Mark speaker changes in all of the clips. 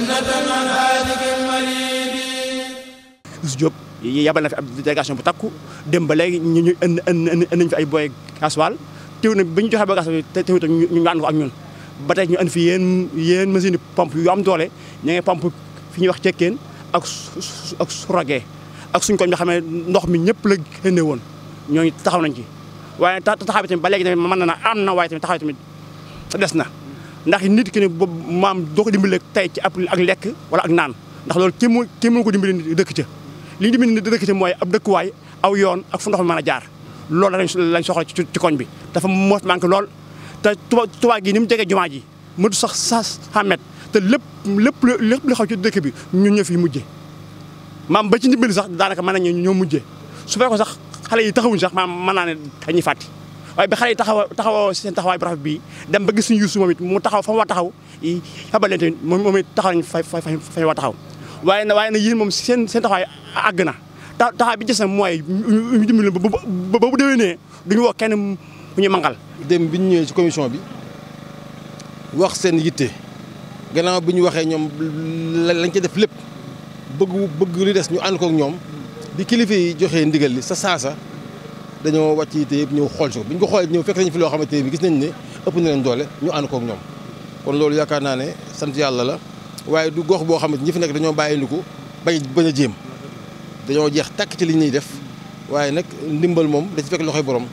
Speaker 1: Youssou
Speaker 2: Diop yabal na fi ab délégation bu takku dem ba léegi ñu ñu ënd ënd nañ fi ay booy gasoil teew na bi ñu joxee ba bi te tam ñu ànd ko ak ñun ba tey ñu ënd fi yéen yéen machine pompe yu am doole ñu pompe fi ñuy wax cekkeen ak ak ak suñ ko ñoo xam ndox mi ñëpp la génne woon ñooñu taxaw nañ ci waaye taxaw bi tamit ba léegi tamit mën na na am na waaye ta taxaw tamit des na ndax nit ki ne boobu maam doo ko dimbale tey ci ab ak lekk wala ak naan ndax loolu kenn mu kenn mënu ko dimbale nit dëkk ca li ñu dimbale nit dëkk ca mooy ab dëkkuwaay aw yoon ak fu ndox a jaar loolu lañ lañ soxla ci ci koñ bi dafa moos manqué lool te tuba tuba gi ni mu jegee jumaa ji mëtu sax sax xàmmet te lépp lépp lépp lu xaw ci dëkk bi ñun ñoo fi mujjee maam ba ci ndimbali sax daanaka mën nañu ñoo mujje su fekkoon sax xale yi taxawuñ sax maam mën naa ne dañuy fàtti waaye ba xale yi taxaw taxawoo seen taxawaay bu rafet bi dem ba gis suñu Youssou moom it mu taxaw fa mu taxaw xabal leen tamit moom it taxaw nañ fa fa fa war taxaw waaye na waaye na yéen moom seen seen taxawaay àgg na ta taxawaay bi des na mooy ñu dimbali
Speaker 1: ba bu déwénee duñu wax kenn mu ñu mangal dem bi ñu ñëwee ci commission bi wax seen yitte gannaaw bi ñu waxee ñoom lañ ci def lépp bëgg bëgg li des ñu ànd kook ñoom di kilifa yi joxee ndigal li sa saasa dañoo wàcc yite yëpp ñëw xool si ko bi ñu ko xoolee ñëw fekk nañ fi loo xamante ne bi gis nañ ne ëpp na leen doole ñu ànd kook ñoom kon loolu yaakaar naa ne sant yàlla la waaye du gox boo xamante ñi fi nekk dañoo bàyyi ndiku bay bañ a jéem dañoo jeex tàkk ci li ñuy def waaye nag ndimbal moom da ci fekk loxoy borom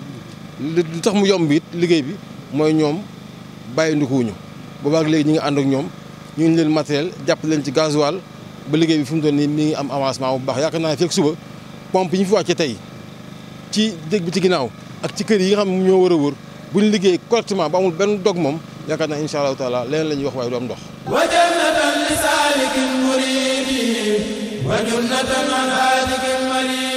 Speaker 1: li tax mu yomb it liggéey bi mooy ñoom bàyyi ndikuwuñu boobaak léegi ñi nga ànd ak ñoom ñu ngi leen matériel jàpp leen ci gasoil ba liggéey bi fu mu toll nii mi ngi am avancement bu baax yaakaar naa ne fekk suba pompe yi ñu fi wàcce tey ci dëkk bi ci ginnaaw ak ci kër yi nga xam ñoo war a wër bu ñu liggéey correctement ba amul benn dog moom yaakaar naa incha allahu taala leneen la ñuy wax waaye du am ndox. wa jannatan li saalikin muridi wa jannatan an aalikin muridi